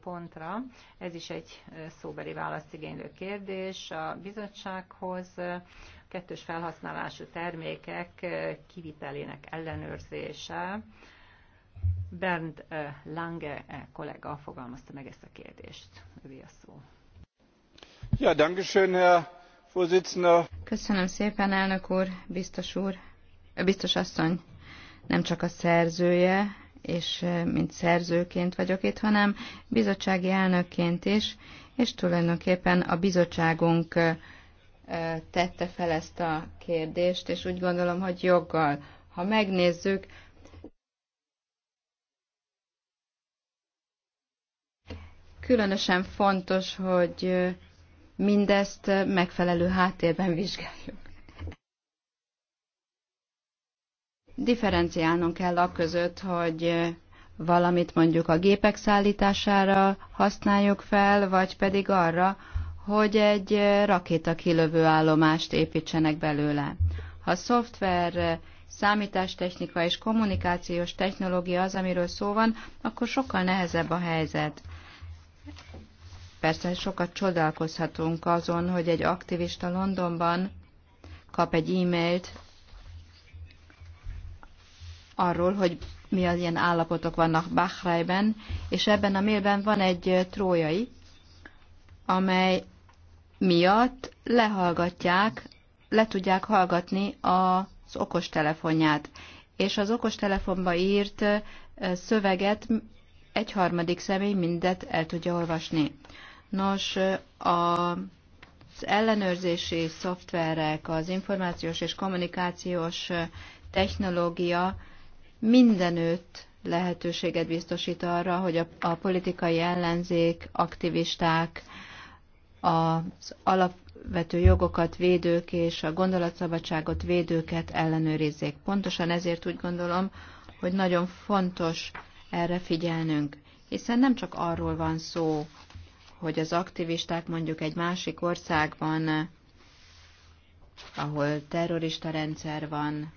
pontra. Ez is egy szóbeli választ igénylő kérdés. A bizottsághoz kettős felhasználású termékek kivitelének ellenőrzése. Bernd Lange kollega fogalmazta meg ezt a kérdést. Ővi a szó. Ja, dankeschön, Herr Vorsitzender. Köszönöm szépen, elnök úr, biztos úr, biztos asszony, nem csak a szerzője, és mint szerzőként vagyok itt, hanem bizottsági elnökként is, és tulajdonképpen a bizottságunk tette fel ezt a kérdést, és úgy gondolom, hogy joggal. Ha megnézzük, különösen fontos, hogy mindezt megfelelő háttérben vizsgáljuk. differenciálnunk kell a között, hogy valamit mondjuk a gépek szállítására használjuk fel, vagy pedig arra, hogy egy rakéta kilövő állomást építsenek belőle. Ha szoftver, számítástechnika és kommunikációs technológia az, amiről szó van, akkor sokkal nehezebb a helyzet. Persze sokat csodálkozhatunk azon, hogy egy aktivista Londonban kap egy e-mailt arról, hogy mi az ilyen állapotok vannak Bahrajben, és ebben a mélben van egy trójai, amely miatt lehallgatják, le tudják hallgatni az okostelefonját, és az okostelefonba írt szöveget egy harmadik személy mindet el tudja olvasni. Nos, a az ellenőrzési szoftverek, az információs és kommunikációs technológia mindenütt lehetőséget biztosít arra, hogy a, a politikai ellenzék, aktivisták, az alapvető jogokat védők és a gondolatszabadságot védőket ellenőrizzék. Pontosan ezért úgy gondolom, hogy nagyon fontos erre figyelnünk, hiszen nem csak arról van szó, hogy az aktivisták mondjuk egy másik országban, ahol terrorista rendszer van,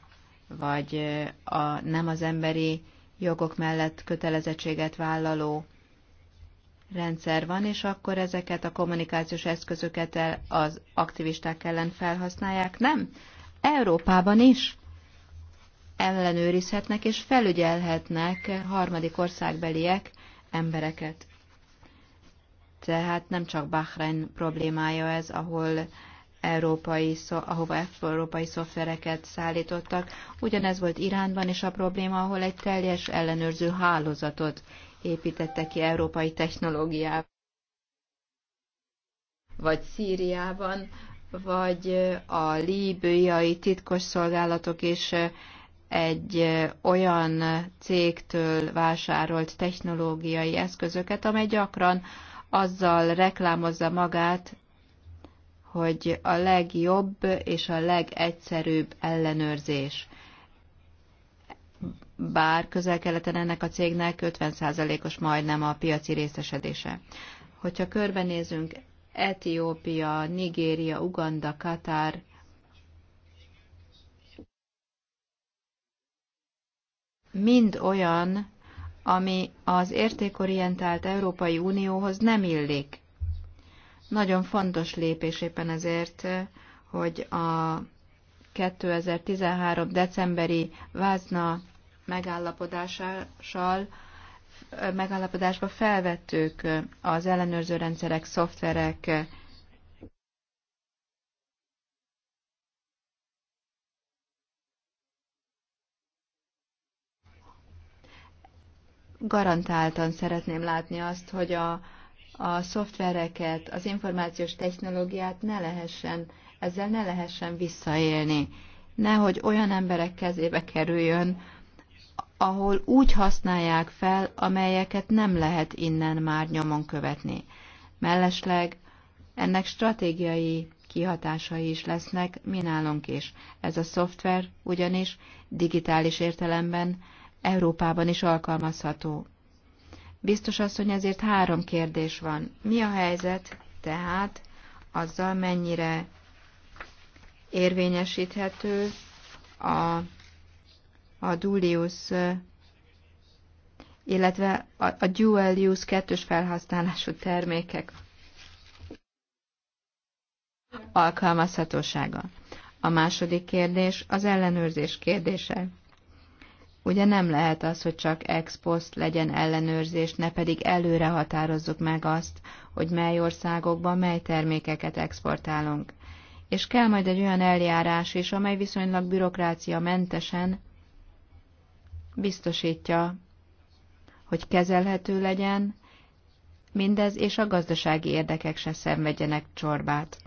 vagy a nem az emberi jogok mellett kötelezettséget vállaló rendszer van, és akkor ezeket a kommunikációs eszközöket az aktivisták ellen felhasználják, nem? Európában is ellenőrizhetnek és felügyelhetnek harmadik országbeliek embereket. Tehát nem csak Bahrein problémája ez, ahol európai, ahova európai szoftvereket szállítottak. Ugyanez volt Iránban is a probléma, ahol egy teljes ellenőrző hálózatot építettek ki európai technológiával. Vagy Szíriában, vagy a líbiai titkos szolgálatok is egy olyan cégtől vásárolt technológiai eszközöket, amely gyakran azzal reklámozza magát, hogy a legjobb és a legegyszerűbb ellenőrzés. Bár közel-keleten ennek a cégnek 50%-os majdnem a piaci részesedése. Hogyha körbenézünk, Etiópia, Nigéria, Uganda, Katár, mind olyan, ami az értékorientált Európai Unióhoz nem illik. Nagyon fontos lépés éppen ezért, hogy a 2013. decemberi Vázna megállapodással megállapodásba felvettük az ellenőrző rendszerek, szoftverek garantáltan szeretném látni azt, hogy a, a szoftvereket, az információs technológiát ne lehessen, ezzel ne lehessen visszaélni. Nehogy olyan emberek kezébe kerüljön, ahol úgy használják fel, amelyeket nem lehet innen már nyomon követni. Mellesleg ennek stratégiai kihatásai is lesznek mi nálunk is. Ez a szoftver ugyanis digitális értelemben Európában is alkalmazható. Biztos asszony, ezért három kérdés van. Mi a helyzet tehát azzal, mennyire érvényesíthető a, a Dulius, illetve a, a dual use kettős felhasználású termékek alkalmazhatósága. A második kérdés az ellenőrzés kérdése. Ugye nem lehet az, hogy csak ex post legyen ellenőrzés, ne pedig előre határozzuk meg azt, hogy mely országokban mely termékeket exportálunk. És kell majd egy olyan eljárás is, amely viszonylag bürokrácia mentesen biztosítja, hogy kezelhető legyen, mindez és a gazdasági érdekek se szenvedjenek csorbát.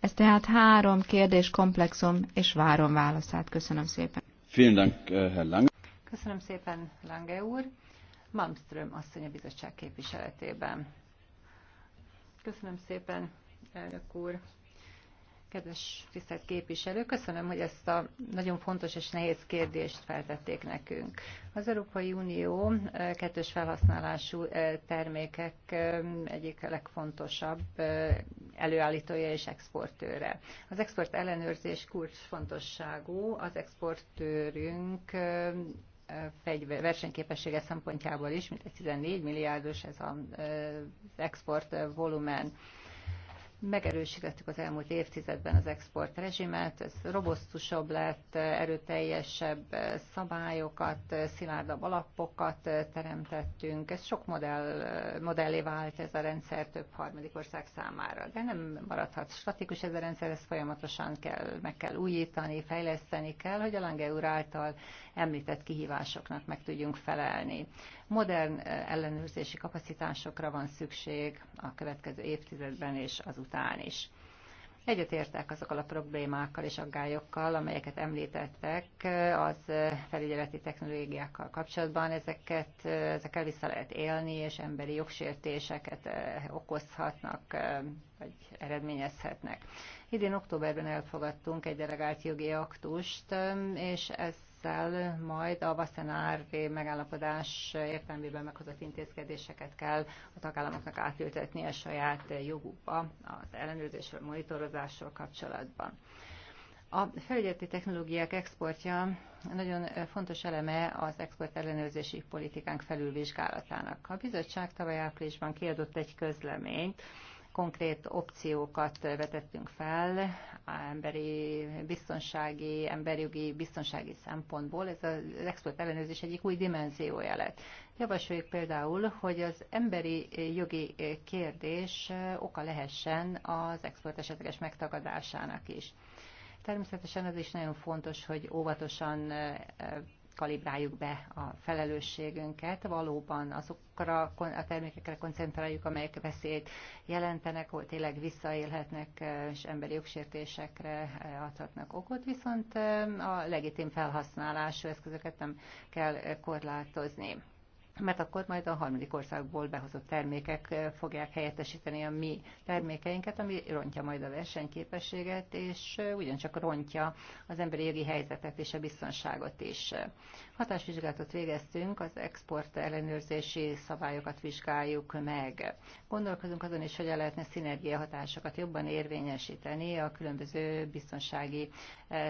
Ez tehát három kérdés komplexum, és várom válaszát. Köszönöm szépen. Vielen Dank, Herr Lange. Köszönöm szépen, Lange úr. Malmström asszony a bizottság képviseletében. Köszönöm szépen, elnök úr. Kedves tisztelt képviselő, köszönöm, hogy ezt a nagyon fontos és nehéz kérdést feltették nekünk. Az Európai Unió eh, kettős felhasználású eh, termékek eh, egyik legfontosabb előállítója és exportőre. Az export ellenőrzés kulcsfontosságú, az exportőrünk versenyképessége szempontjából is, mint egy 14 milliárdos ez az export volumen. Megerősítettük az elmúlt évtizedben az export rezsimet, ez robosztusabb lett, erőteljesebb szabályokat, szilárdabb alapokat teremtettünk. Ez sok modell, modellé vált ez a rendszer több harmadik ország számára, de nem maradhat statikus ez a rendszer, ezt folyamatosan kell, meg kell újítani, fejleszteni kell, hogy a Lange úr által említett kihívásoknak meg tudjunk felelni. Modern eh, ellenőrzési kapacitásokra van szükség a következő évtizedben és azután is. Egyetértek azokkal a problémákkal és aggályokkal, amelyeket említettek eh, az eh, felügyeleti technológiákkal kapcsolatban. Ezeket, ezekkel vissza lehet élni, és emberi jogsértéseket okozhatnak, vagy eredményezhetnek. Idén októberben elfogadtunk egy delegált jogi aktust, és ez ezzel majd a Vaszenárvé megállapodás értelmében meghozott intézkedéseket kell a tagállamoknak átültetni a saját jogukba az ellenőrzésről, monitorozásról kapcsolatban. A felügyeleti technológiák exportja nagyon fontos eleme az export ellenőrzési politikánk felülvizsgálatának. A bizottság tavaly áprilisban kiadott egy közleményt, konkrét opciókat vetettünk fel, emberi biztonsági, emberjogi biztonsági szempontból. Ez az export ellenőrzés egyik új dimenziója lett. Javasoljuk például, hogy az emberi jogi kérdés oka lehessen az export esetleges megtagadásának is. Természetesen az is nagyon fontos, hogy óvatosan kalibráljuk be a felelősségünket, valóban azokra a termékekre koncentráljuk, amelyek veszélyt jelentenek, hogy tényleg visszaélhetnek eh, és emberi jogsértésekre eh, adhatnak okot, viszont eh, a legitim felhasználású eszközöket nem kell korlátozni mert akkor majd a harmadik országból behozott termékek fogják helyettesíteni a mi termékeinket, ami rontja majd a versenyképességet, és ugyancsak rontja az emberi jogi helyzetet és a biztonságot is. Hatásvizsgálatot végeztünk, az export ellenőrzési szabályokat vizsgáljuk meg. Gondolkozunk azon is, hogyan lehetne szinergia hatásokat jobban érvényesíteni a különböző biztonsági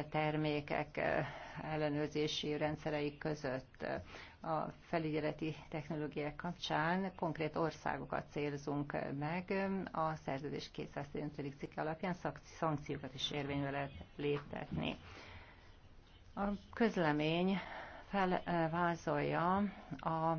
termékek ellenőrzési rendszereik között a felügyeleti technológiák kapcsán konkrét országokat célzunk meg. A szerződés 215. cikke alapján szankciókat is érvénybe lehet léptetni. A közlemény felvázolja a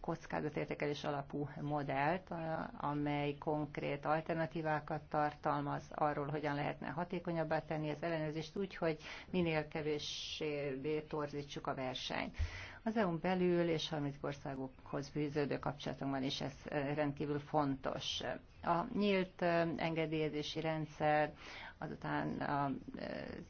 kockázatértékelés alapú modellt, amely konkrét alternatívákat tartalmaz arról, hogyan lehetne hatékonyabbá tenni az ellenőrzést úgy, hogy minél kevéssé torzítsuk a versenyt. Az EU-n belül és harmadik országokhoz fűződő kapcsolatunkban is ez rendkívül fontos. A nyílt engedélyezési rendszer, azután az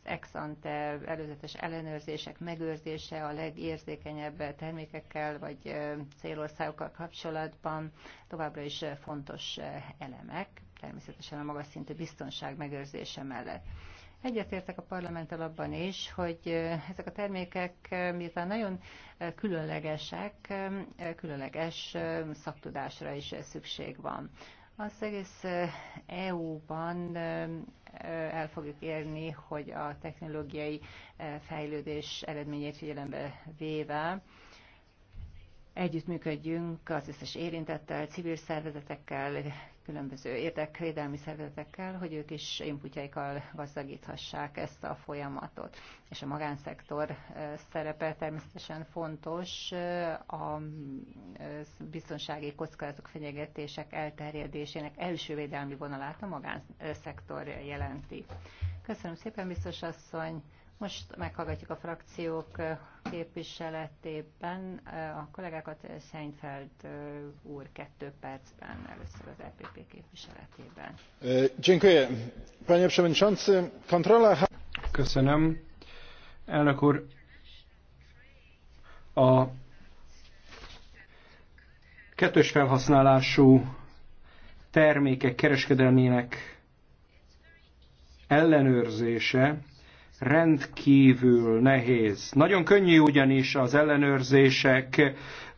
ex ante előzetes ellenőrzések megőrzése a legérzékenyebb termékekkel vagy célországokkal kapcsolatban továbbra is fontos elemek, természetesen a magas szintű biztonság megőrzése mellett. Egyetértek a parlamenttel abban is, hogy eh, ezek a termékek, eh, miután nagyon eh, különlegesek, különleges szaktudásra is szükség van. Az egész EU-ban e el fogjuk érni, hogy a technológiai fejlődés eredményét figyelembe véve együttműködjünk az összes érintettel, civil szervezetekkel, különböző érdekvédelmi szervezetekkel, hogy ők is inputjaikkal gazdagíthassák ezt a folyamatot. És a magánszektor szerepe természetesen fontos a biztonsági kockázatok fenyegetések elterjedésének első védelmi vonalát a magánszektor jelenti. Köszönöm szépen, biztos asszony! Most meghallgatjuk a frakciók képviseletében eh, a kollégákat eh, Seinfeld eh, úr kettő percben először az EPP képviseletében. Köszönöm. Elnök úr, a kettős felhasználású termékek kereskedelmének ellenőrzése rendkívül nehéz. Nagyon könnyű ugyanis az ellenőrzések,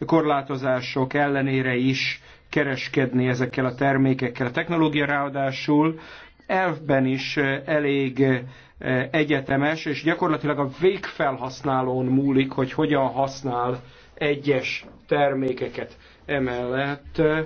korlátozások ellenére is kereskedni ezekkel a termékekkel. A technológia ráadásul elfben is elég eh, egyetemes, és gyakorlatilag a végfelhasználón múlik, hogy hogyan használ egyes termékeket. Emellett eh,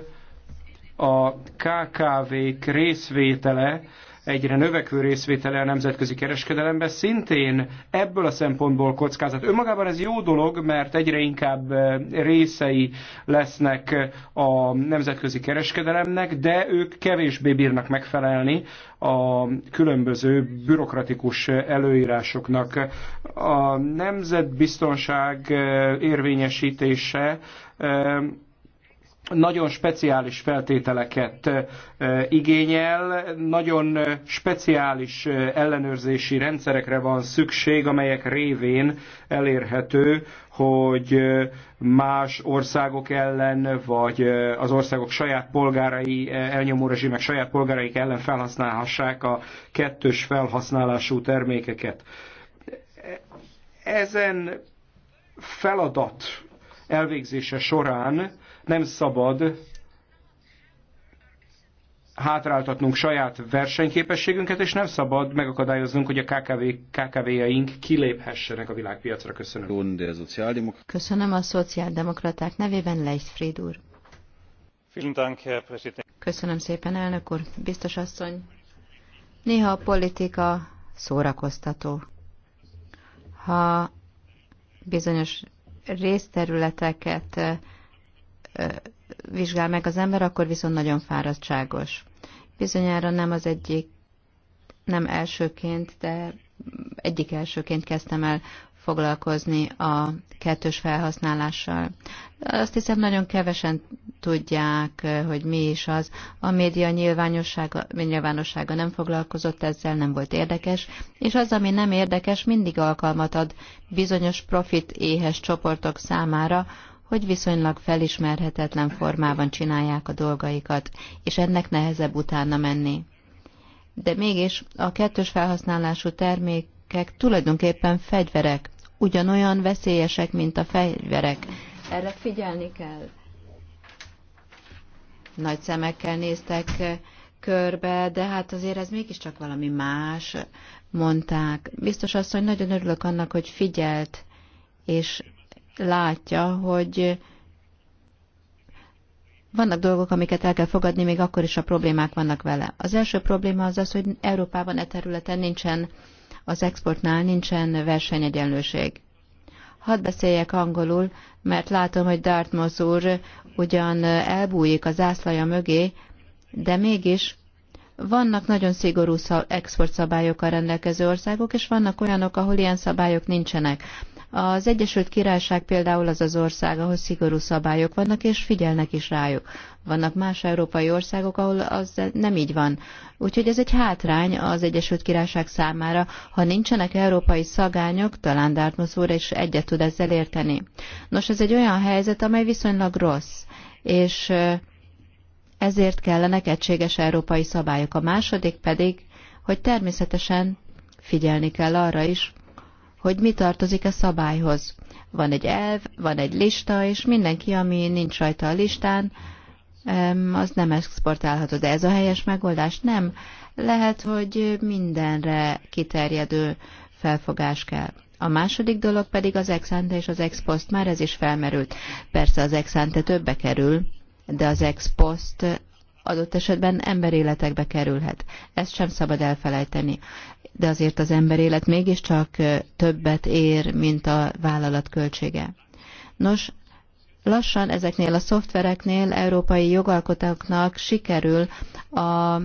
a KKV-k részvétele egyre növekvő részvétele a nemzetközi kereskedelemben, szintén ebből a szempontból kockázat. Önmagában ez jó dolog, mert egyre inkább eh, részei lesznek eh, a nemzetközi kereskedelemnek, de ők kevésbé bírnak megfelelni a különböző bürokratikus eh, előírásoknak. A nemzetbiztonság érvényesítése nagyon speciális feltételeket igényel, nagyon speciális ellenőrzési rendszerekre van szükség, amelyek révén elérhető, hogy más országok ellen, vagy az országok saját polgárai, elnyomó rezsimek saját polgáraik ellen felhasználhassák a kettős felhasználású termékeket. Ezen feladat elvégzése során nem szabad hátráltatnunk saját versenyképességünket, és nem szabad megakadályoznunk, hogy a KKV, KKV-jaink kiléphessenek a világpiacra. Köszönöm. Köszönöm a szociáldemokraták nevében, Leisfried úr. Köszönöm szépen, elnök úr, biztos asszony. Néha a politika szórakoztató. Ha bizonyos részterületeket vizsgál meg az ember, akkor viszont nagyon fáradtságos. Bizonyára nem az egyik, nem elsőként, de egyik elsőként kezdtem el foglalkozni a kettős felhasználással. Azt hiszem, nagyon kevesen tudják, hogy mi is az. A média nyilvánossága, nyilvánossága nem foglalkozott ezzel, nem volt érdekes, és az, ami nem érdekes, mindig alkalmat ad bizonyos profit éhes csoportok számára, hogy viszonylag felismerhetetlen formában csinálják a dolgaikat, és ennek nehezebb utána menni. De mégis a kettős felhasználású termékek tulajdonképpen fegyverek, ugyanolyan veszélyesek, mint a fegyverek. Erre figyelni kell. Nagy szemekkel néztek eh, körbe, de hát azért ez mégiscsak valami más, mondták. Biztos azt, hogy nagyon örülök annak, hogy figyelt, és látja, hogy vannak dolgok, amiket el kell fogadni, még akkor is a problémák vannak vele. Az első probléma az az, hogy Európában e területen nincsen az exportnál nincsen versenyegyenlőség. Hadd beszéljek angolul, mert látom, hogy Dartmouth úr ugyan elbújik a zászlaja mögé, de mégis vannak nagyon szigorú exportszabályokkal rendelkező országok, és vannak olyanok, ahol ilyen szabályok nincsenek. Az Egyesült Királyság például az az ország, ahol szigorú szabályok vannak, és figyelnek is rájuk. Vannak más európai országok, ahol az nem így van. Úgyhogy ez egy hátrány az Egyesült Királyság számára. Ha nincsenek európai szagányok, talán Dartmouth úr is egyet tud ezzel érteni. Nos, ez egy olyan helyzet, amely viszonylag rossz, és ezért kellenek egységes európai szabályok. A második pedig, hogy természetesen figyelni kell arra is, hogy mi tartozik a szabályhoz. Van egy elv, van egy lista, és mindenki, ami nincs rajta a listán, az nem exportálható. De ez a helyes megoldás nem. Lehet, hogy mindenre kiterjedő felfogás kell. A második dolog pedig az exante és az expost, már ez is felmerült. Persze az exante többe kerül, de az expost adott esetben emberéletekbe kerülhet. Ezt sem szabad elfelejteni de azért az ember élet mégiscsak többet ér, mint a vállalat költsége. Nos, lassan ezeknél a szoftvereknél európai jogalkotóknak sikerül a,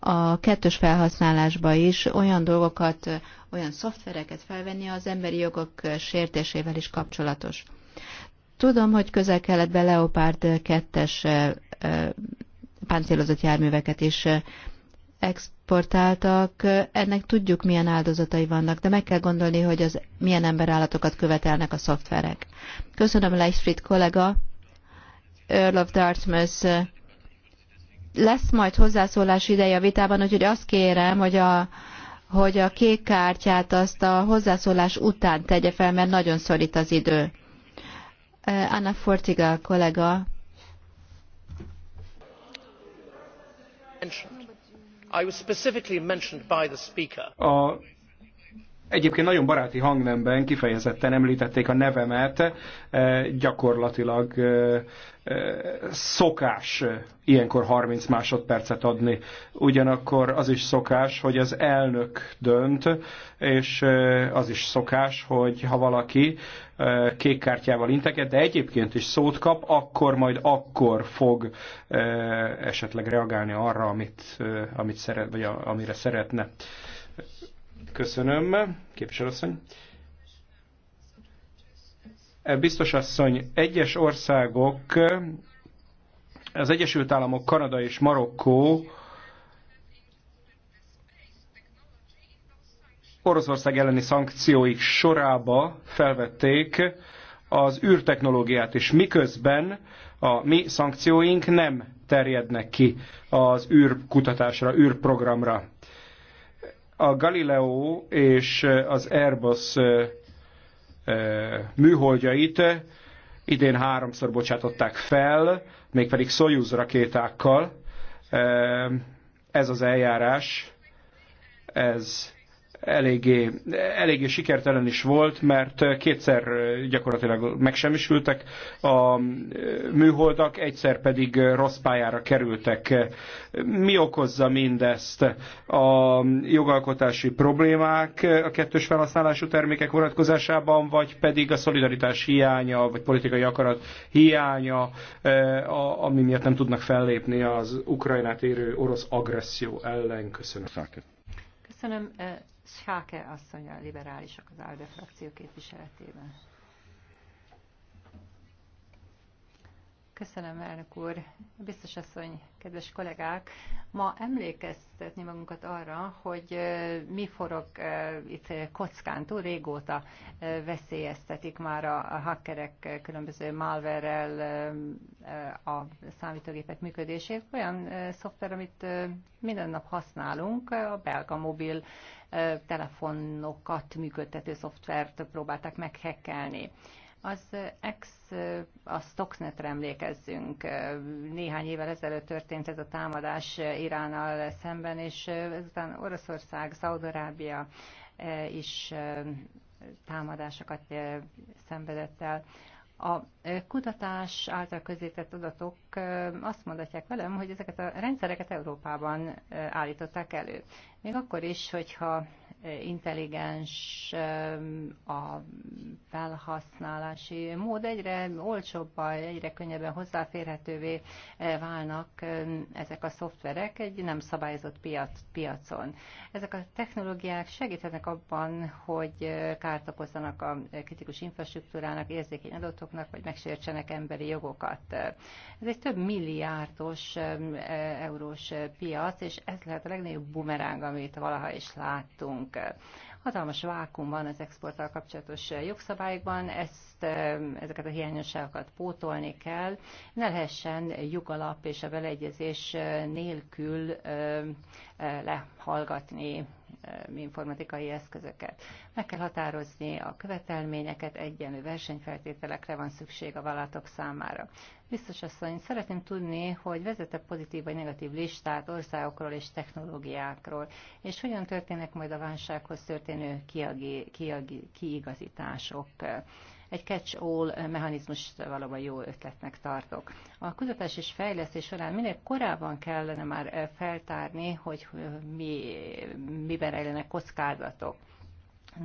a kettős felhasználásba is olyan dolgokat, olyan szoftvereket felvenni az emberi jogok sértésével is kapcsolatos. Tudom, hogy közel be Leopard 2-es páncélozott járműveket is portáltak, ennek tudjuk, milyen áldozatai vannak, de meg kell gondolni, hogy az milyen emberállatokat követelnek a szoftverek. Köszönöm, Leichfried kollega, Earl of Dartmouth. Lesz majd hozzászólás ideje a vitában, úgyhogy azt kérem, hogy a, hogy a kék kártyát azt a hozzászólás után tegye fel, mert nagyon szorít az idő. Anna Fortiga kollega i was specifically mentioned by the speaker. Egyébként nagyon baráti hangnemben kifejezetten említették a nevemet, eh, gyakorlatilag eh, eh, szokás ilyenkor 30 másodpercet adni. Ugyanakkor az is szokás, hogy az elnök dönt, és az is szokás, hogy ha valaki kék kártyával integet, de egyébként is szót kap, akkor majd akkor fog esetleg reagálni arra, amit, amit szeret, vagy amire szeretne. Köszönöm, képviselőasszony. Eh, biztos asszony, egyes országok, az Egyesült Államok, Kanada és Marokkó Oroszország elleni szankcióik sorába felvették az űrtechnológiát és miközben a mi szankcióink nem terjednek ki az űrkutatásra, űrprogramra. A Galileo és az Airbus műholdjait idén háromszor bocsátották fel, mégpedig Soyuz rakétákkal. Ez az eljárás, ez eléggé, eléggé sikertelen is volt, mert kétszer gyakorlatilag megsemmisültek a műholdak, egyszer pedig rossz pályára kerültek. Mi okozza mindezt? A jogalkotási problémák a kettős felhasználású termékek vonatkozásában, vagy pedig a szolidaritás hiánya, vagy politikai akarat hiánya, ami miatt nem tudnak fellépni az Ukrajnát érő orosz agresszió ellen? Köszönöm. Köszönöm. Eh, Schake asszony a liberálisok az ALDE frakció képviseletében. Köszönöm, elnök úr. Biztos asszony, kedves kollégák, ma emlékeztetni magunkat arra, hogy mi forog itt kockán. Túl régóta veszélyeztetik már a hackerek különböző malverrel a számítógépek működését. Olyan szoftver, amit minden nap használunk, a belga mobil telefonokat működtető szoftvert próbálták meghekkelni. Az ex, a Stoxnetre emlékezzünk. Néhány évvel ezelőtt történt ez a támadás Iránnal szemben, és ezután Oroszország, Szaudarábia e, is e, támadásokat e, szenvedett el. A kutatás által közített adatok azt mondatják velem, hogy ezeket a rendszereket Európában állították elő. Még akkor is, hogyha intelligens a felhasználási mód, egyre olcsóbbá, egyre könnyebben hozzáférhetővé eh, válnak ezek a szoftverek egy nem szabályozott piac, piacon. Ezek a technológiák segíthetnek abban, hogy eh, kárt okozzanak a kritikus infrastruktúrának, érzékeny adatoknak, vagy megsértsenek emberi jogokat. Ez egy több milliárdos e, eurós eh, piac, és ez lehet a legnagyobb bumeráng, amit valaha is láttunk termelők. Hatalmas vákum van az exporttal kapcsolatos jogszabályokban, ezt, eh, ezeket a hiányosságokat pótolni kell, ne lehessen jogalap és a beleegyezés nélkül eh, eh, lehallgatni informatikai eszközöket. Meg kell határozni a követelményeket, egyenlő versenyfeltételekre van szükség a vállalatok számára. Biztos asszony, szeretném tudni, hogy vezete pozitív vagy negatív listát országokról és technológiákról, és hogyan történnek majd a válsághoz történő kiagi, kiagi, kiigazítások. Egy catch-all mechanizmus valóban jó ötletnek tartok. A kutatás és fejlesztés során minél korábban kellene már feltárni, hogy mi, miben rejlenek kockázatok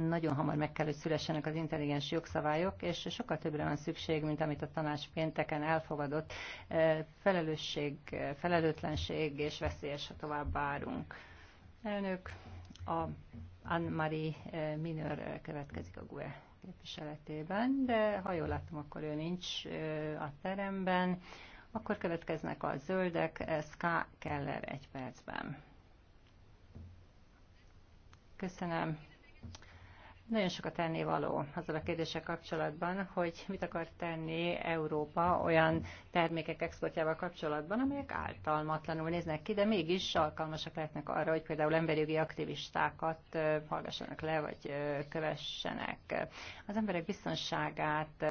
nagyon hamar meg kell, hogy szülessenek az intelligens jogszabályok, és sokkal többre van szükség, mint amit a tanács pénteken elfogadott. E, felelősség, felelőtlenség és veszélyes, ha tovább várunk. Elnök, a Anne-Marie eh, Minör eh, következik a GUE képviseletében, de ha jól látom, akkor ő nincs eh, a teremben. Akkor következnek a zöldek, Ska Keller egy percben. Köszönöm. Nagyon sokat tenni való azzal a kérdéssel kapcsolatban, hogy mit akar tenni Európa olyan termékek exportjával kapcsolatban, amelyek általmatlanul néznek ki, de mégis alkalmasak lehetnek arra, hogy például emberjogi aktivistákat hallgassanak le, vagy kövessenek. Az emberek biztonságát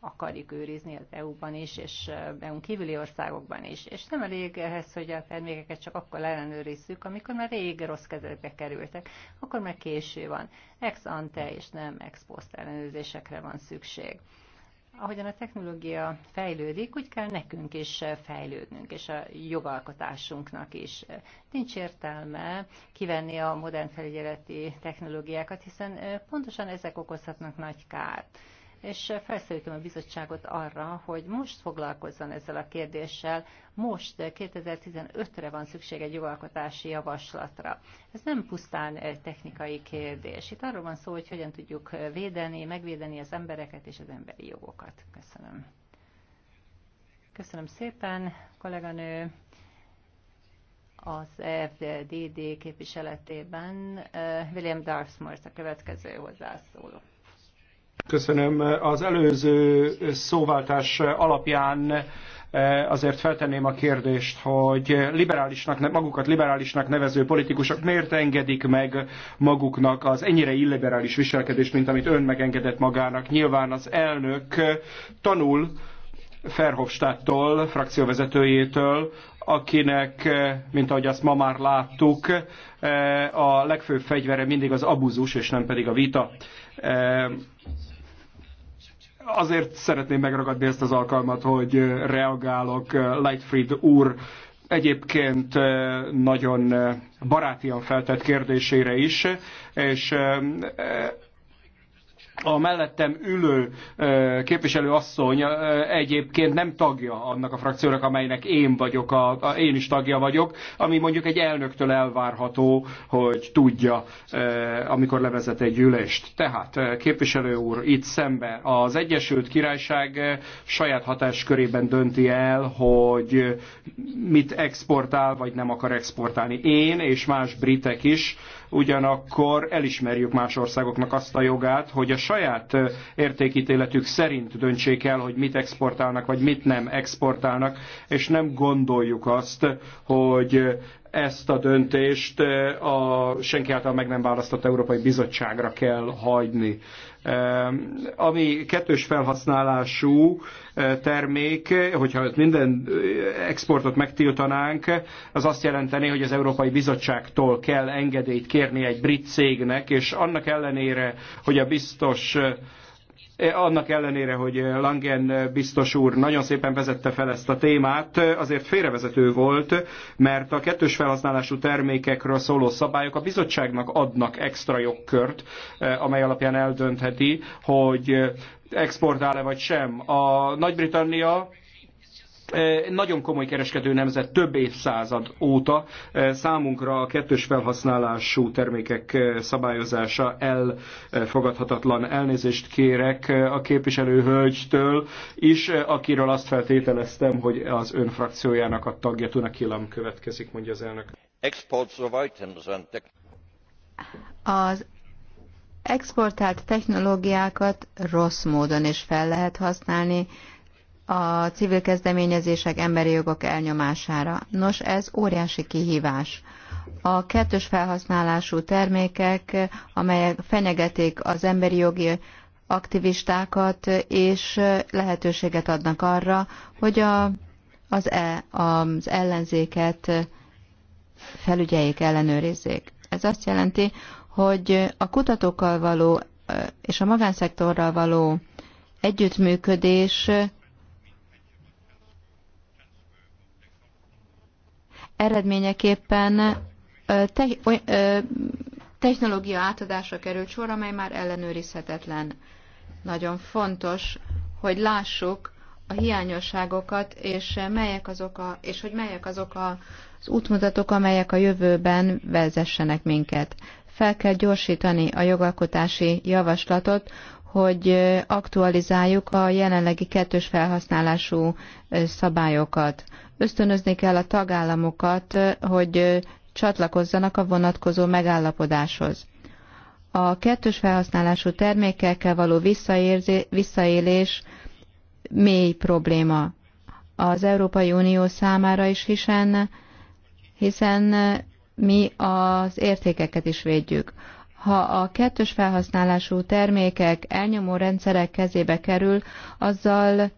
akarjuk őrizni az EU-ban is, és eu kívüli országokban is. És nem elég ehhez, hogy a termékeket csak akkor ellenőrizzük, amikor már rég rossz kezelőkbe kerültek, akkor már késő van. Ex ante és nem ex post ellenőrzésekre van szükség ahogyan a technológia fejlődik, úgy kell nekünk is fejlődnünk, és a jogalkotásunknak is. Nincs értelme kivenni a modern felügyeleti technológiákat, hiszen pontosan ezek okozhatnak nagy kárt és felszólítom a bizottságot arra, hogy most foglalkozzon ezzel a kérdéssel, most 2015-re van szükség egy jogalkotási javaslatra. Ez nem pusztán egy technikai kérdés. Itt arról van szó, hogy hogyan tudjuk védeni, megvédeni az embereket és az emberi jogokat. Köszönöm. Köszönöm szépen, kolléganő az FDD képviseletében. Eh, William Darfsmore a következő hozzászóló. Köszönöm. Az előző szóváltás alapján eh, azért feltenném a kérdést, hogy liberálisnak, magukat liberálisnak nevező politikusok miért engedik meg maguknak az ennyire illiberális viselkedést, mint amit ön megengedett magának. Nyilván az elnök tanul Ferhofstadttól, frakcióvezetőjétől, akinek, eh, mint ahogy azt ma már láttuk, eh, a legfőbb fegyvere mindig az abuzus, és nem pedig a vita. Azért szeretném megragadni ezt az alkalmat, hogy reagálok Lightfried úr egyébként nagyon barátian feltett kérdésére is, és a mellettem ülő képviselő asszony egyébként nem tagja annak a frakciónak, amelynek én vagyok, a, a, én is tagja vagyok, ami mondjuk egy elnöktől elvárható, hogy tudja, amikor levezet egy ülést. Tehát képviselő úr, itt szembe az Egyesült Királyság saját hatáskörében dönti el, hogy mit exportál, vagy nem akar exportálni. Én és más britek is ugyanakkor elismerjük más országoknak azt a jogát, hogy a saját értékítéletük szerint döntsék el, hogy mit exportálnak, vagy mit nem exportálnak, és nem gondoljuk azt, hogy ezt a döntést eh, a senki által meg nem választott Európai Bizottságra kell hagyni. Eh, ami kettős felhasználású eh, termék, hogyha minden exportot megtiltanánk, az azt jelenteni, hogy az Európai Bizottságtól kell engedélyt kérni egy brit cégnek, és annak ellenére, hogy a biztos E, annak ellenére, hogy e, Langen e, biztos úr nagyon szépen vezette fel ezt a témát, azért félrevezető volt, mert a kettős felhasználású termékekről szóló szabályok a bizottságnak adnak extra jogkört, amely alapján eldöntheti, hogy exportál-e vagy sem. A Nagy-Britannia nagyon komoly kereskedő nemzet több évszázad óta számunkra a kettős felhasználású termékek szabályozása elfogadhatatlan elnézést kérek a képviselő hölgytől is, akiről azt feltételeztem, hogy az ön frakciójának a tagja Tunakilam Kilam következik, mondja az elnök. Az exportált technológiákat rossz módon is fel lehet használni, a civil kezdeményezések emberi jogok elnyomására. Nos, ez óriási kihívás. A kettős felhasználású termékek, amelyek fenyegetik az emberi jogi aktivistákat, és lehetőséget adnak arra, hogy a, az, e, az ellenzéket felügyeljék, ellenőrizzék. Ez azt jelenti, hogy a kutatókkal való és a magánszektorral való együttműködés eredményeképpen te, ö, technológia átadásra került sor, amely már ellenőrizhetetlen. Nagyon fontos, hogy lássuk a hiányosságokat, és, melyek azok a, és hogy melyek azok a, az útmutatók, amelyek a jövőben vezessenek minket. Fel kell gyorsítani a jogalkotási javaslatot, hogy aktualizáljuk a jelenlegi kettős felhasználású szabályokat ösztönözni kell a tagállamokat, hogy csatlakozzanak a vonatkozó megállapodáshoz. A kettős felhasználású termékekkel való visszaélés mély probléma az Európai Unió számára is, hiszen, hiszen mi az értékeket is védjük. Ha a kettős felhasználású termékek elnyomó rendszerek kezébe kerül, azzal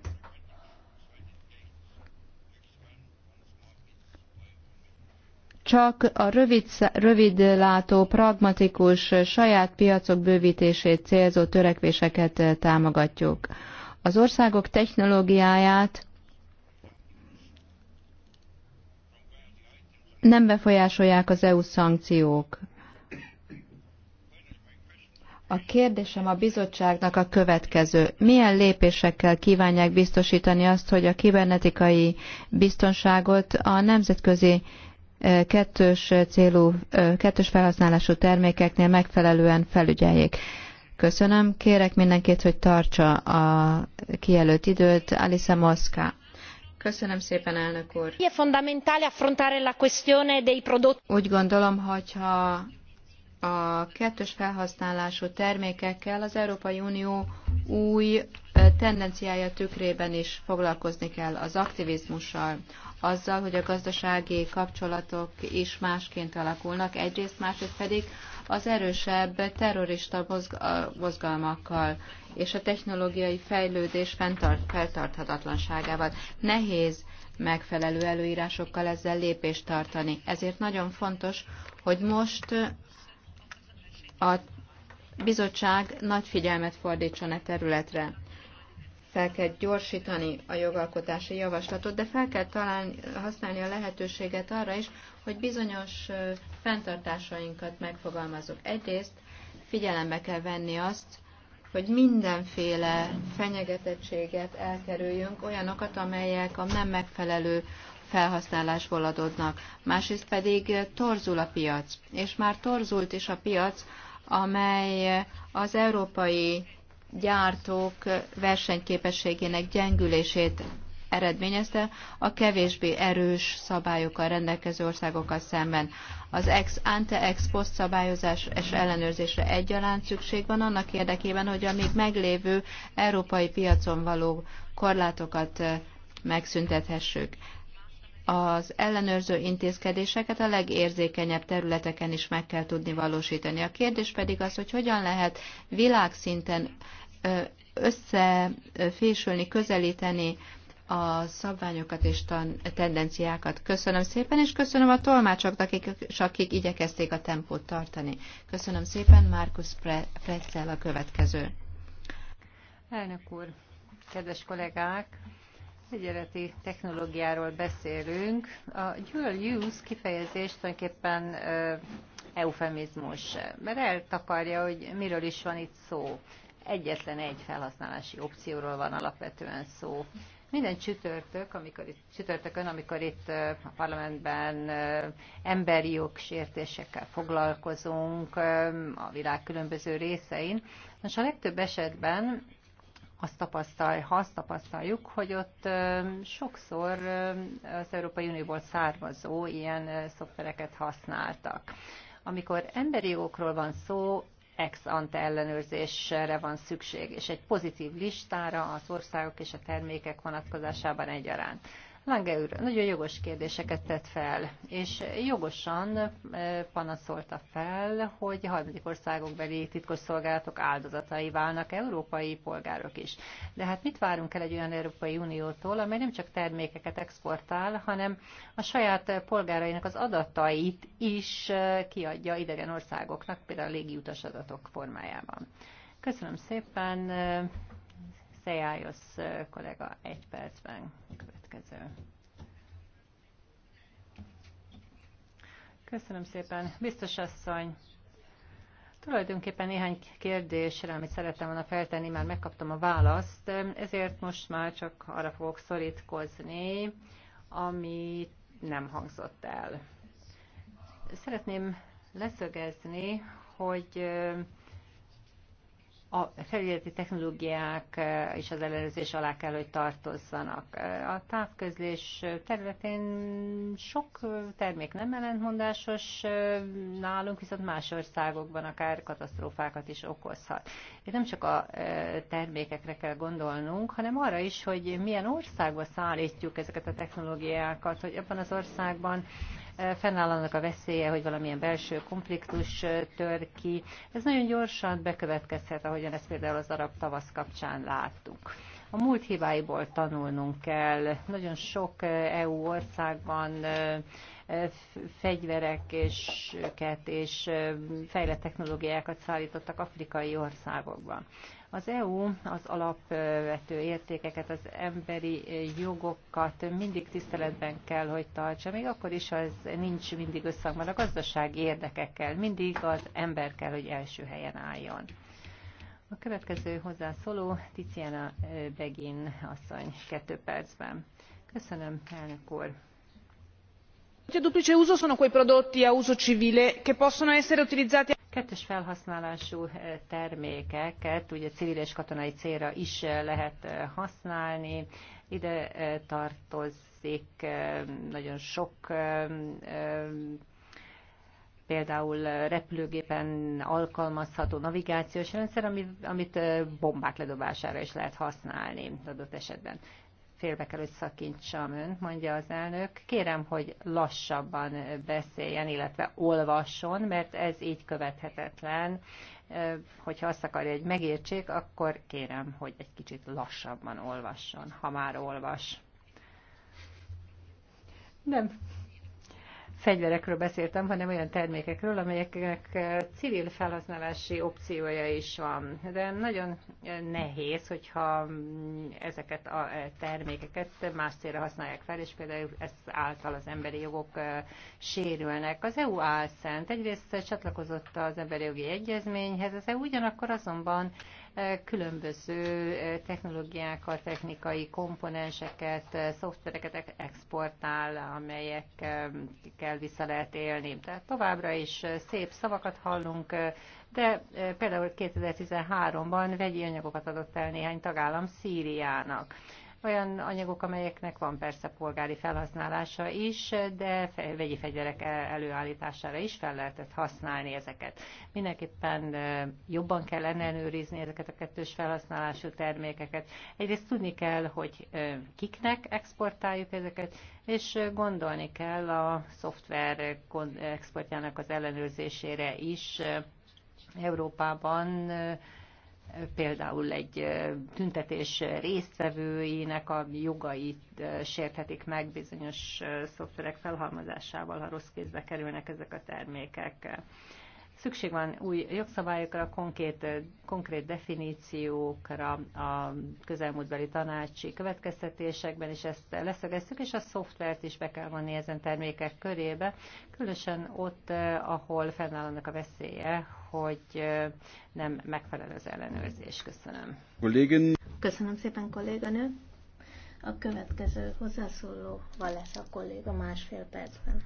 csak a rövid, rövidlátó, pragmatikus, saját piacok bővítését célzó törekvéseket eh, támogatjuk. Az országok technológiáját nem befolyásolják az EU szankciók. A kérdésem a bizottságnak a következő. Milyen lépésekkel kívánják biztosítani azt, hogy a kibernetikai biztonságot a nemzetközi kettős célú, kettős felhasználású termékeknél megfelelően felügyeljék. Köszönöm. Kérek mindenkit, hogy tartsa a kijelölt időt. Alisa Moszka. Köszönöm szépen, elnök úr. Úgy gondolom, hogyha a kettős felhasználású termékekkel az Európai Unió új tendenciája tükrében is foglalkozni kell az aktivizmussal azzal, hogy a gazdasági kapcsolatok is másként alakulnak, egyrészt, másrészt pedig az erősebb terrorista mozgalmakkal és a technológiai fejlődés fenntart, feltarthatatlanságával. Nehéz megfelelő előírásokkal ezzel lépést tartani. Ezért nagyon fontos, hogy most a bizottság nagy figyelmet fordítson e területre fel kell gyorsítani a jogalkotási javaslatot, de fel kell találni, használni a lehetőséget arra is, hogy bizonyos fenntartásainkat megfogalmazok. Egyrészt figyelembe kell venni azt, hogy mindenféle fenyegetettséget elkerüljünk, olyanokat, amelyek a nem megfelelő felhasználásból adódnak. Másrészt pedig torzul a piac, és már torzult is a piac, amely az európai gyártók versenyképességének gyengülését eredményezte a kevésbé erős szabályokkal rendelkező országokkal szemben. Az ex ante ex post szabályozás és ellenőrzésre egyaránt szükség van annak érdekében, hogy a még meglévő európai piacon való korlátokat eh, megszüntethessük. Az ellenőrző intézkedéseket a legérzékenyebb területeken is meg kell tudni valósítani. A kérdés pedig az, hogy hogyan lehet világszinten összefésülni, közelíteni a szabványokat és tan- tendenciákat. Köszönöm szépen, és köszönöm a tolmácsoknak, akik, akik igyekezték a tempót tartani. Köszönöm szépen, Markus Pretzel a következő. Elnök úr, kedves kollégák, Egyeleti technológiáról beszélünk. A dual use kifejezés tulajdonképpen eufemizmus, mert eltakarja, hogy miről is van itt szó egyetlen egy felhasználási opcióról van alapvetően szó. Minden csütörtök, amikor itt, csütörtökön, amikor itt a parlamentben emberi jogsértésekkel foglalkozunk a világ különböző részein, most a legtöbb esetben azt, tapasztal, azt tapasztaljuk, hogy ott sokszor az Európai Unióból származó ilyen szoftvereket használtak. Amikor emberi jogokról van szó, ex ante ellenőrzésre van szükség, és egy pozitív listára az országok és a termékek vonatkozásában egyaránt. Lange úr nagyon jogos kérdéseket tett fel, és jogosan e, panaszolta fel, hogy a harmadik országok beli titkosszolgálatok áldozatai válnak európai polgárok is. De hát mit várunk el egy olyan Európai Uniótól, amely nem csak termékeket exportál, hanem a saját polgárainak az adatait is e, kiadja idegen országoknak, például a utas adatok formájában. Köszönöm szépen! E, Szejájosz kollega egy percben következő. Köszönöm szépen. Biztos asszony, Tulajdonképpen néhány kérdésre, amit szerettem volna feltenni, már megkaptam a választ, ezért most már csak arra fogok szorítkozni, ami nem hangzott el. Szeretném leszögezni, hogy a felületi technológiák eh, és az ellenőrzés alá kell, hogy tartozzanak. Eh, a távközlés területén sok eh, termék nem ellentmondásos, nálunk viszont más országokban akár katasztrófákat is okozhat. Itt nem csak a termékekre kell gondolnunk, hanem arra is, hogy milyen országba szállítjuk ezeket a technológiákat, hogy abban az országban fennáll annak a veszélye, hogy valamilyen belső konfliktus tör ki. Ez nagyon gyorsan bekövetkezhet, ahogyan ezt például az arab tavasz kapcsán láttuk. A múlt hibáiból tanulnunk kell. Nagyon sok EU országban fegyverek és, és fejlett technológiákat szállítottak afrikai országokban. Az EU az alapvető értékeket, az emberi jogokat mindig tiszteletben kell, hogy tartsa, még akkor is, ha ez nincs mindig összhangban a gazdasági érdekekkel, mindig az ember kell, hogy első helyen álljon. A következő hozzászóló Tiziana Begin asszony, kettő percben. Köszönöm, elnök úr. duplice uso sono quei prodotti a uso civile che possono essere utilizzati kettős felhasználású eh, termékeket ugye civil és katonai célra is eh, lehet eh, használni. Ide tartozik nagyon sok például repülőgépen alkalmazható navigációs rendszer, amit bombák ledobására is lehet használni adott esetben félbe kell, hogy szakítsam önt, mondja az elnök. Kérem, hogy lassabban beszéljen, illetve olvasson, mert ez így követhetetlen. Hogyha azt akarja, hogy megértsék, akkor kérem, hogy egy kicsit lassabban olvasson, ha már olvas. Nem, fegyverekről beszéltem, hanem olyan termékekről, amelyeknek eh, civil felhasználási opciója is van. De nagyon eh, nehéz, hogyha mm, ezeket a eh, termékeket más célra használják fel, és például ez által az emberi jogok sérülnek. Az EU álszent egyrészt csatlakozott az emberi jogi egyezményhez, az EU ugyanakkor azonban különböző technológiákat, technikai komponenseket, szoftvereket exportál, amelyekkel vissza lehet élni. Tehát továbbra is szép szavakat hallunk, de például 2013-ban vegyi anyagokat adott el néhány tagállam Szíriának olyan anyagok, amelyeknek van persze polgári felhasználása is, de vegyi fegyverek e, előállítására is fel lehetett használni ezeket. Mindenképpen e, jobban kell ellenőrizni ezeket a kettős felhasználású termékeket. Egyrészt tudni kell, hogy e, kiknek exportáljuk ezeket, és gondolni kell a szoftver exportjának az ellenőrzésére is. Európában például egy tüntetés résztvevőinek a jogait sérthetik meg bizonyos szoftverek felhalmozásával, ha rossz kézbe kerülnek ezek a termékek. Szükség van új jogszabályokra, konkrét, konkrét definíciókra, a közelmúltbeli tanácsi következtetésekben és ezt leszögeztük, és a szoftvert is be kell vonni ezen termékek körébe, különösen ott, ahol fennáll annak a veszélye, hogy nem megfelel az ellenőrzés. Köszönöm. Kollégin. Köszönöm szépen, kolléganő. A következő hozzászóló a kolléga másfél percben.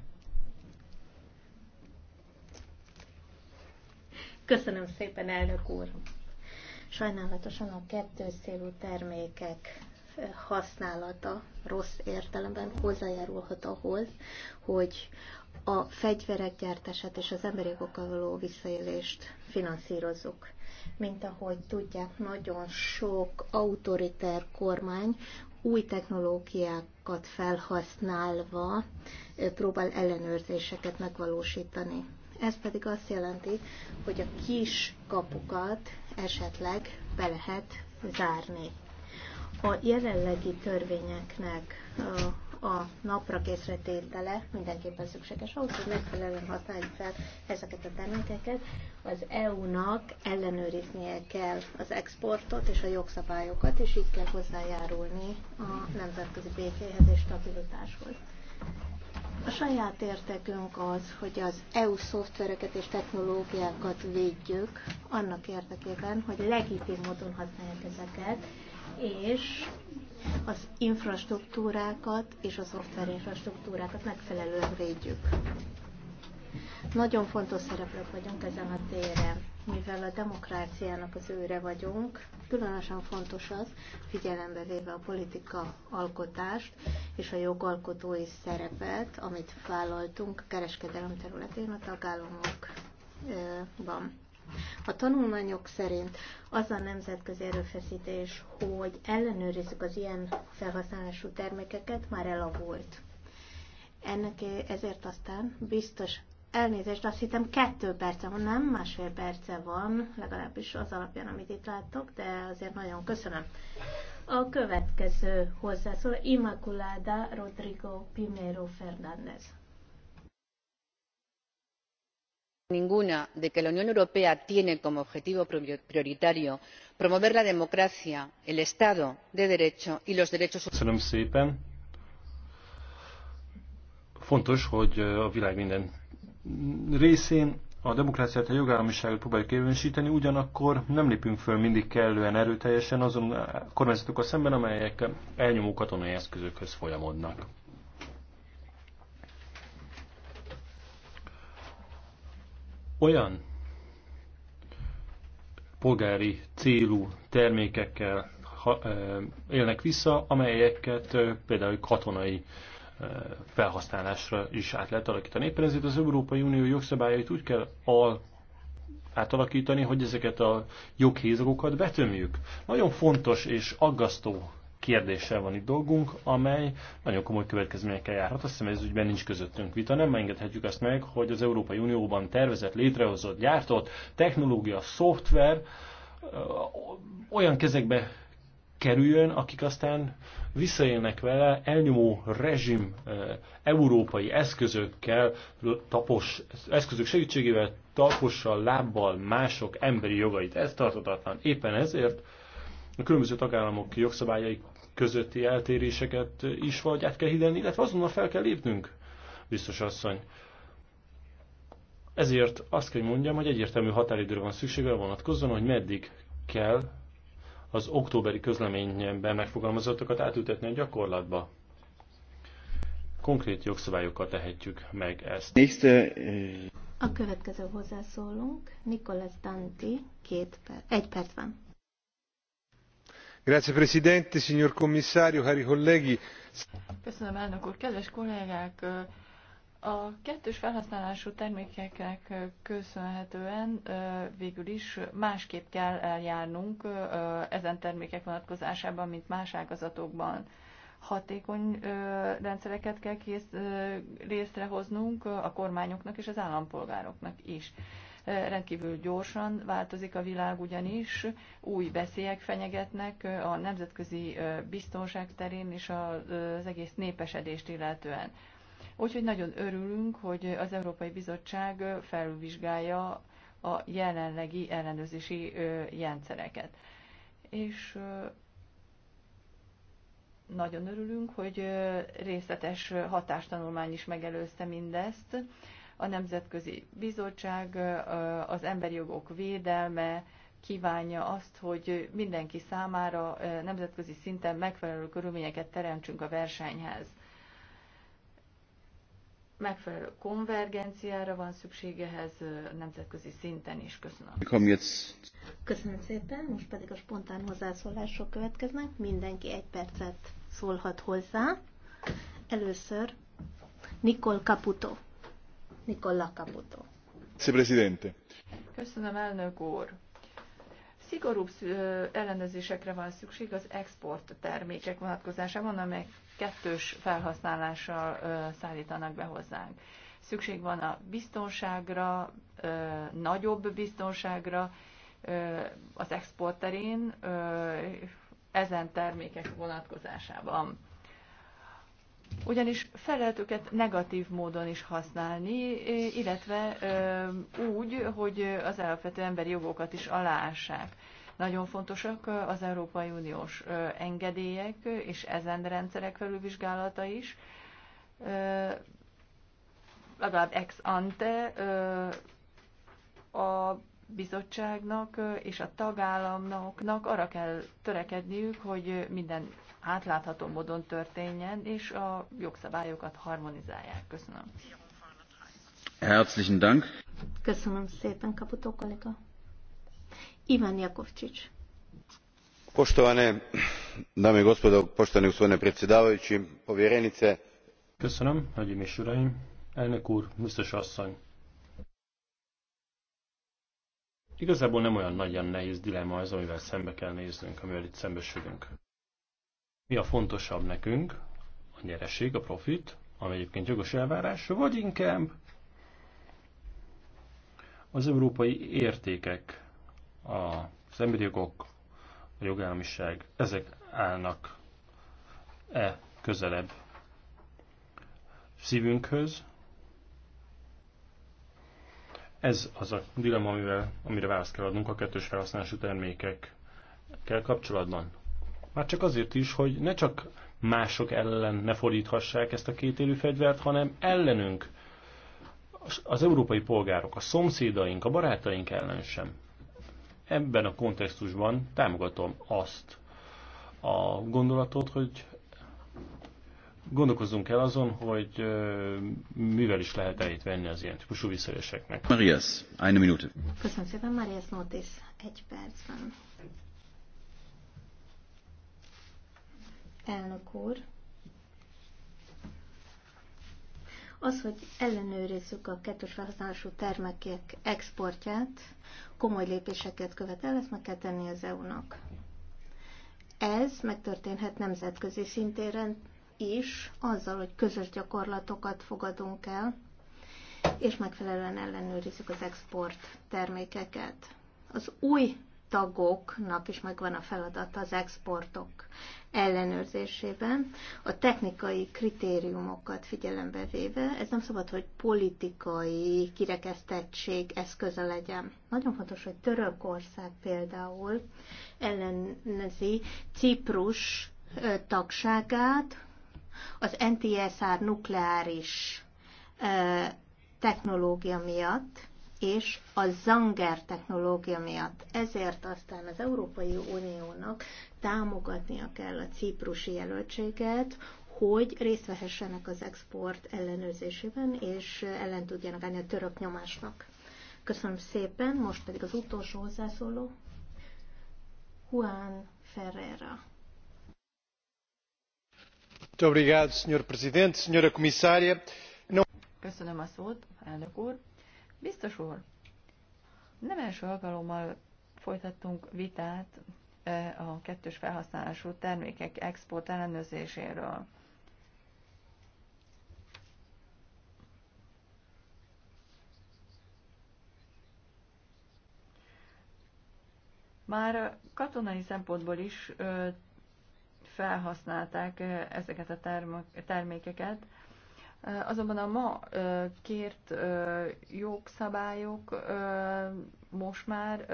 Köszönöm szépen, elnök úr! Sajnálatosan a kettőszélú termékek használata rossz értelemben hozzájárulhat ahhoz, hogy a fegyverek gyártását és az emberi jogokkal való visszaélést finanszírozzuk. Mint ahogy tudják, nagyon sok autoriter kormány új technológiákat felhasználva próbál ellenőrzéseket megvalósítani. Ez pedig azt jelenti, hogy a kis kapukat esetleg be lehet zárni. A jelenlegi törvényeknek a napra készretétele mindenképpen szükséges ahhoz, hogy megfelelően használjuk fel ezeket a termékeket. Az EU-nak ellenőriznie kell az exportot és a jogszabályokat, és így kell hozzájárulni a nemzetközi békéhez és stabilitáshoz. A saját értekünk az, hogy az EU szoftvereket és technológiákat védjük annak érdekében, hogy legitim módon használják ezeket, és az infrastruktúrákat és a szoftver infrastruktúrákat megfelelően védjük. Nagyon fontos szereplők vagyunk ezen a téren, mivel a demokráciának az őre vagyunk, különösen fontos az, figyelembe véve a politika alkotást és a jogalkotói szerepet, amit vállaltunk a kereskedelem területén a tagállamokban. A tanulmányok szerint az a nemzetközi erőfeszítés, hogy ellenőrizzük az ilyen felhasználású termékeket, már elavult. Ennek ezért aztán biztos Elnézést, azt hittem kettő perce van, nem? Másfél perce van, legalábbis az alapján, amit itt láttok, de azért nagyon köszönöm. A következő hozzászól Immaculada Rodrigo Pimero Fernández. ninguna de que la unión europea tiene como objetivo prioritario promover la democracia el estado de derecho y los derechos humanos. fontos hogy eh, a világ minden részén a demokráciát, a jogállamiságot próbáljuk érvényesíteni, ugyanakkor nem lépünk föl mindig kellően erőteljesen azon a kormányzatokkal szemben, amelyek elnyomó katonai eszközökhöz folyamodnak. Olyan polgári célú termékekkel élnek vissza, amelyeket például katonai felhasználásra is át lehet alakítani. Éppen ezért az Európai Unió jogszabályait úgy kell al átalakítani, hogy ezeket a joghézagokat betömjük. Nagyon fontos és aggasztó kérdéssel van itt dolgunk, amely nagyon komoly következményekkel járhat. Azt hiszem, ez ügyben nincs közöttünk vita. Nem engedhetjük azt meg, hogy az Európai Unióban tervezett, létrehozott, gyártott technológia, szoftver olyan kezekbe kerüljön, akik aztán visszaélnek vele elnyomó rezsim európai eszközökkel, tapos, eszközök segítségével tapossal, lábbal mások emberi jogait. Ez tartatatlan. Éppen ezért a különböző tagállamok jogszabályai közötti eltéréseket is vagy át kell hidenni, illetve azonnal fel kell lépnünk, biztos asszony. Ezért azt kell mondjam, hogy egyértelmű határidőre van szüksége vonatkozóan, hogy meddig kell az októberi közleményben megfogalmazottakat átültetni a gyakorlatba. Konkrét jogszabályokkal tehetjük meg ezt. Eh, a következő hozzászólunk, Nicolás Danti, két per, egy perc van. Grazie Presidente, signor Commissario, cari colleghi. Köszönöm elnök úr, kedves kollégák! Eh, a kettős felhasználású termékeknek köszönhetően végül is másképp kell eljárnunk ezen termékek vonatkozásában, mint más ágazatokban. Hatékony rendszereket kell kész, részrehoznunk a kormányoknak és az állampolgároknak is. Rendkívül gyorsan változik a világ ugyanis, új veszélyek fenyegetnek a nemzetközi biztonság terén és az egész népesedést illetően Úgyhogy nagyon örülünk, hogy az Európai Bizottság felülvizsgálja a jelenlegi ellenőrzési rendszereket. És nagyon örülünk, hogy részletes hatástanulmány is megelőzte mindezt. A Nemzetközi Bizottság, az emberi jogok védelme kívánja azt, hogy mindenki számára nemzetközi szinten megfelelő körülményeket teremtsünk a versenyhez megfelelő konvergenciára van szükségehez nemzetközi szinten is. Köszönöm. Köszönöm szépen, most pedig a spontán hozzászólások következnek. Mindenki egy percet szólhat hozzá. Először Nikol Caputo. Nikola Caputo. Köszönöm, elnök úr. Szigorúbb ellenőrzésekre van szükség az export termékek vonatkozásában, amelyek kettős felhasználással szállítanak be hozzánk. Szükség van a biztonságra, nagyobb biztonságra az export terén, ezen termékek vonatkozásában ugyanis fel lehet őket negatív módon is használni, illetve úgy, hogy az alapvető emberi jogokat is aláássák. Nagyon fontosak az Európai Uniós engedélyek és ezen rendszerek felülvizsgálata is. Legalább ex ante a bizottságnak és a tagállamoknak arra kell törekedniük, hogy minden átlátható módon történjen, és a jogszabályokat harmonizálják. Köszönöm. Herzlichen Dank. Köszönöm szépen, kaputó kollega. Ivan Jakovcsics. Poštovane dame i gospodo, poštovani gospodine predsjedavajući, povjerenice. Köszönöm, hagyim és uraim, elnök úr, biztos asszony. Igazából nem olyan nagyon nehéz dilemma az, amivel szembe kell néznünk, amivel itt szembesülünk mi a fontosabb nekünk, a nyereség, a profit, ami egyébként jogos elvárás, vagy inkább az európai értékek, az emberi jogok, a jogállamiság, ezek állnak e közelebb szívünkhöz. Ez az a dilemma, amire választ kell adnunk a kettős felhasználású termékekkel kapcsolatban. Már csak azért is, hogy ne csak mások ellen ne fordíthassák ezt a kétélű fegyvert, hanem ellenünk, az európai polgárok, a szomszédaink, a barátaink ellen sem. Ebben a kontextusban támogatom azt a gondolatot, hogy gondolkozzunk el azon, hogy mivel is lehet elét venni az ilyen típusú visszajöseknek. Marias, egy minút. Köszönöm szépen, Marias Notis, egy percben. elnök úr. Az, hogy ellenőrizzük a kettős felhasználású termékek exportját, komoly lépéseket követel, ezt meg kell tenni az EU-nak. Ez megtörténhet nemzetközi szintéren is, azzal, hogy közös gyakorlatokat fogadunk el, és megfelelően ellenőrizzük az export termékeket. Az új tagoknak is megvan a feladata az exportok ellenőrzésében, a technikai kritériumokat figyelembe véve, ez nem szabad, hogy politikai kirekesztettség eszköze legyen. Nagyon fontos, hogy Törökország például ellenzi Ciprus tagságát, az NTSR nukleáris technológia miatt, és a zanger technológia miatt. Ezért aztán az Európai Uniónak támogatnia kell a ciprusi jelöltséget, hogy részt vehessenek az export ellenőrzésében, és ellen tudjanak állni a török nyomásnak. Köszönöm szépen, most pedig az utolsó hozzászóló, Juan Ferreira. Köszönöm a szót, elnök úr. Biztos úr, nem első alkalommal folytattunk vitát e, a kettős felhasználású termékek export ellenőrzéséről. Már katonai szempontból is felhasználták e, ezeket a termékeket, Eh, azonban a ma eh, kért eh, jogszabályok most már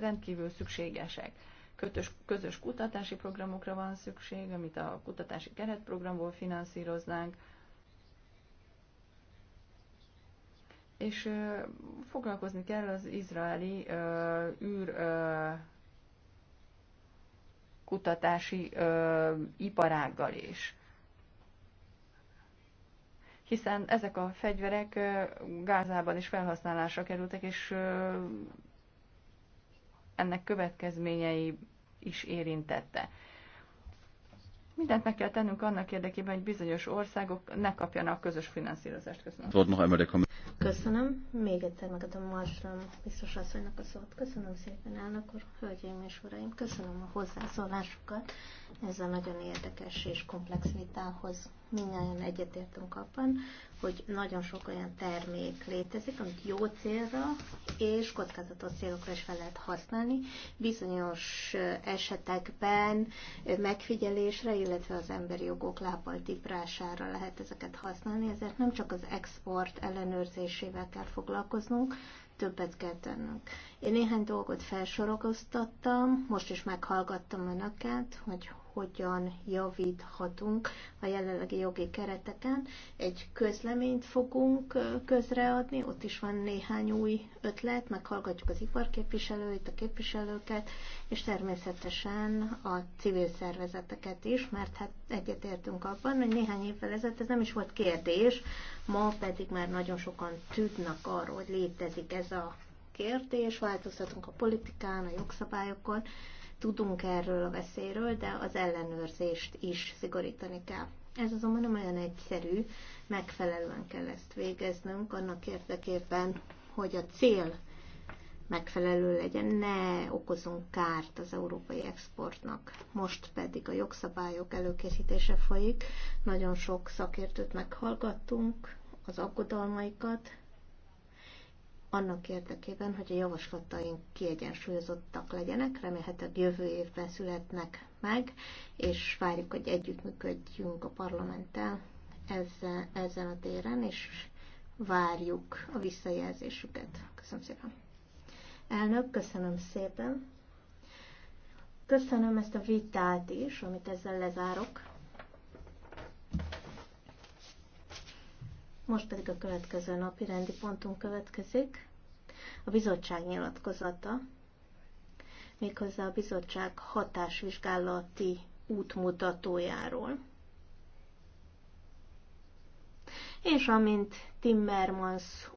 rendkívül szükségesek. Kötös, közös kutatási programokra van szükség, amit a kutatási keretprogramból finanszíroznánk, és foglalkozni kell az izraeli űr kutatási iparággal is hiszen ezek a fegyverek Gázában is felhasználásra kerültek, és ennek következményei is érintette. Mindent meg kell tennünk annak érdekében, hogy bizonyos országok ne kapjanak közös finanszírozást. Köszönöm. Köszönöm. Még egyszer megadom Marsram biztos asszonynak a szót. Köszönöm szépen, elnök úr, hölgyeim és uraim. Köszönöm a hozzászólásukat ez a nagyon érdekes és komplex vitához mindannyian egyetértünk abban, hogy nagyon sok olyan termék létezik, amit jó célra és kockázatos célokra is fel lehet használni, bizonyos eh, esetekben eh, megfigyelésre, illetve az emberi jogok lábbal lehet ezeket használni, ezért nem csak az export ellenőrzésével kell foglalkoznunk, többet kell tennünk. Én néhány dolgot felsorogoztattam, most is meghallgattam önöket, hogy hogyan javíthatunk a jelenlegi jogi kereteken. Egy közleményt fogunk közreadni, ott is van néhány új ötlet, meghallgatjuk az iparképviselőit, a képviselőket, és természetesen a civil szervezeteket is, mert hát egyetértünk abban, hogy néhány évvel ezelőtt ez nem is volt kérdés, ma pedig már nagyon sokan tudnak arról, hogy létezik ez a kérdés, változtatunk a politikán, a jogszabályokon, Tudunk erről a veszélyről, de az ellenőrzést is szigorítani kell. Ez azonban nem olyan egyszerű, megfelelően kell ezt végeznünk annak érdekében, hogy a cél megfelelő legyen, ne okozunk kárt az európai exportnak. Most pedig a jogszabályok előkészítése folyik, nagyon sok szakértőt meghallgattunk, az aggodalmaikat, annak érdekében, hogy a javaslataink kiegyensúlyozottak legyenek, remélhetőleg jövő évben születnek meg, és várjuk, hogy együttműködjünk a parlamenttel ezzel, ezen a téren, és várjuk a visszajelzésüket. Köszönöm szépen. Elnök, köszönöm szépen. Köszönöm ezt a vitát is, amit ezzel lezárok. Most pedig a következő napi rendi pontunk következik, a bizottság nyilatkozata, méghozzá a bizottság hatásvizsgálati útmutatójáról. És amint Timmermans